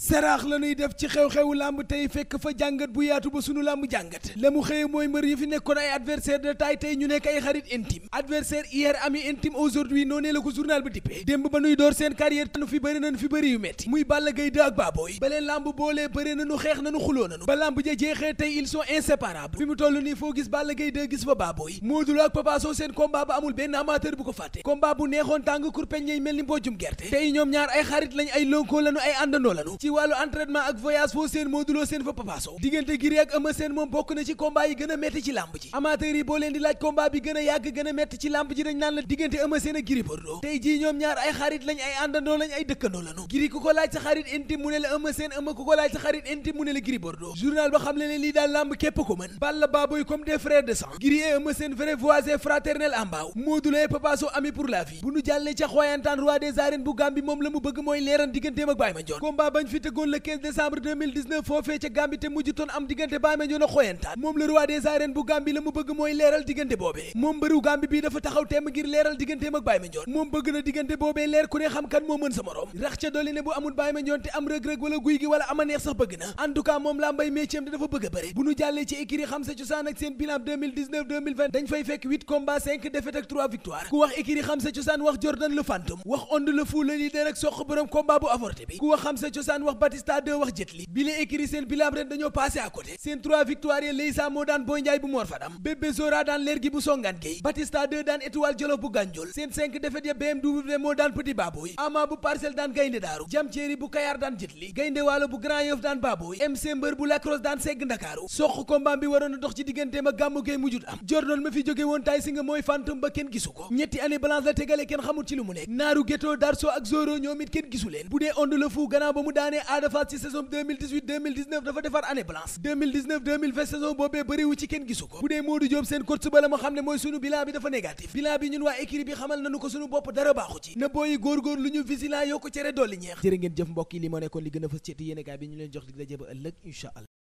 seraax la ñuy def ci xew xew làmb tey fekk fa jàngat bu yaatu ba sunu làmb jàngat la mu xëye mooy mbër yi fi nekkoon ay adversaire de taille tey ñu nekk ay xarit intime adversaire hier ami intime aujourd'hui noonee la ko journal bi dippee démb ba nuy door seen carrière fi bëri fi bëri yu metti muy Balla Gaye 2 ak Baboy ba leen làmb xeex nañu xuloo nañu jeexee tey ils sont inséparables fi mu toll nii foo gis Balla Gaye 2 gis fa Baboy Modou Lo ak Papa Sow seen combat ba amul benn amateur bu ko fàtte combat bu neexoon tàng kurpeñ ñey mel ni mboojum gerte ñoom ñaar ay xarit lañ ay lonkoo lañu ay àndandoo lañu ci wàllu entraînement ak voyage foo seen Modou seen fa Papa diggante Gris ak Eumeu Sène moom bokk na ci combat yi gën a metti ci làmb ji amateur yi boo leen di laaj combat bi gën a yàgg gën a metti ci làmb ji dañ naan la diggante Eumeu Sène ak Gris Bordeaux tey jii ñoom ñaar ay xarit lañ ay àndandoo lañ ay dëkkandoo lañu Gris ku ko laaj sa xarit intime mu ne la Eumeu Sène Eumeu ku ko laaj sa xarit intime mu ne la Gris Bordeaux journal ba fi tegoon le 15 foofee ca Gambie te mujj toon am diggante baamee ñu na moom le roi des bu Gambie la mu bëgg mooy leeral diggante boobee moom mbëru Gambie bii dafa taxaw temm ngir leeral digganteem ak Baye moom bëgg na diggante boobee leer ku ne xam kan moo mën sa morom rax ca dolli bu amul Baye te am rëg-rëg wala guy gi wala amaneex sax bëgg na en moom laa mbay dafa bëgg a bëri bu ñu jàllee ci écurie xam daan Batista 2 wax Jet Li bi la seen bilan dañoo passé à côté seen trois victoires yi Leysa moo daan Boy Ndiaye bu Mor Fadam Bébé Zora daan leer gi bu songaan gay Batista 2 daan Étoile Jolof bu Gànjool seen cinq défaites ya BMW moo daan Petit Baboy Ama bu Parcelles daan Gaynde Daaru Jam bu Kayaar daan Jet Li Gaynde Waalo bu Grand Yoff daan Baboy MC Mbër bu Lacrosse daan Segg Ndakaaru soq combat bi waroon dox ci digganteem naa ne Ada Fass ci saison 2018 2019 dafa defaat année blanche 2019 2020 saison boobee bëriwu ci kenn gisu ko bu dee Modou Diop seen coach ba la ma xam ne mooy sunu bilan bi dafa négatif bilan bi ñun waa équipe bi xamal nañu ko sunu bopp dara baaxu ci na booyi góorgóor lu ñu vigilant yoo ko cere dolli ñeex jërë ngeen jëf mbokk yi li gën a fës ci yéene gaay bi ñu leen jox dig daje ba ëllëg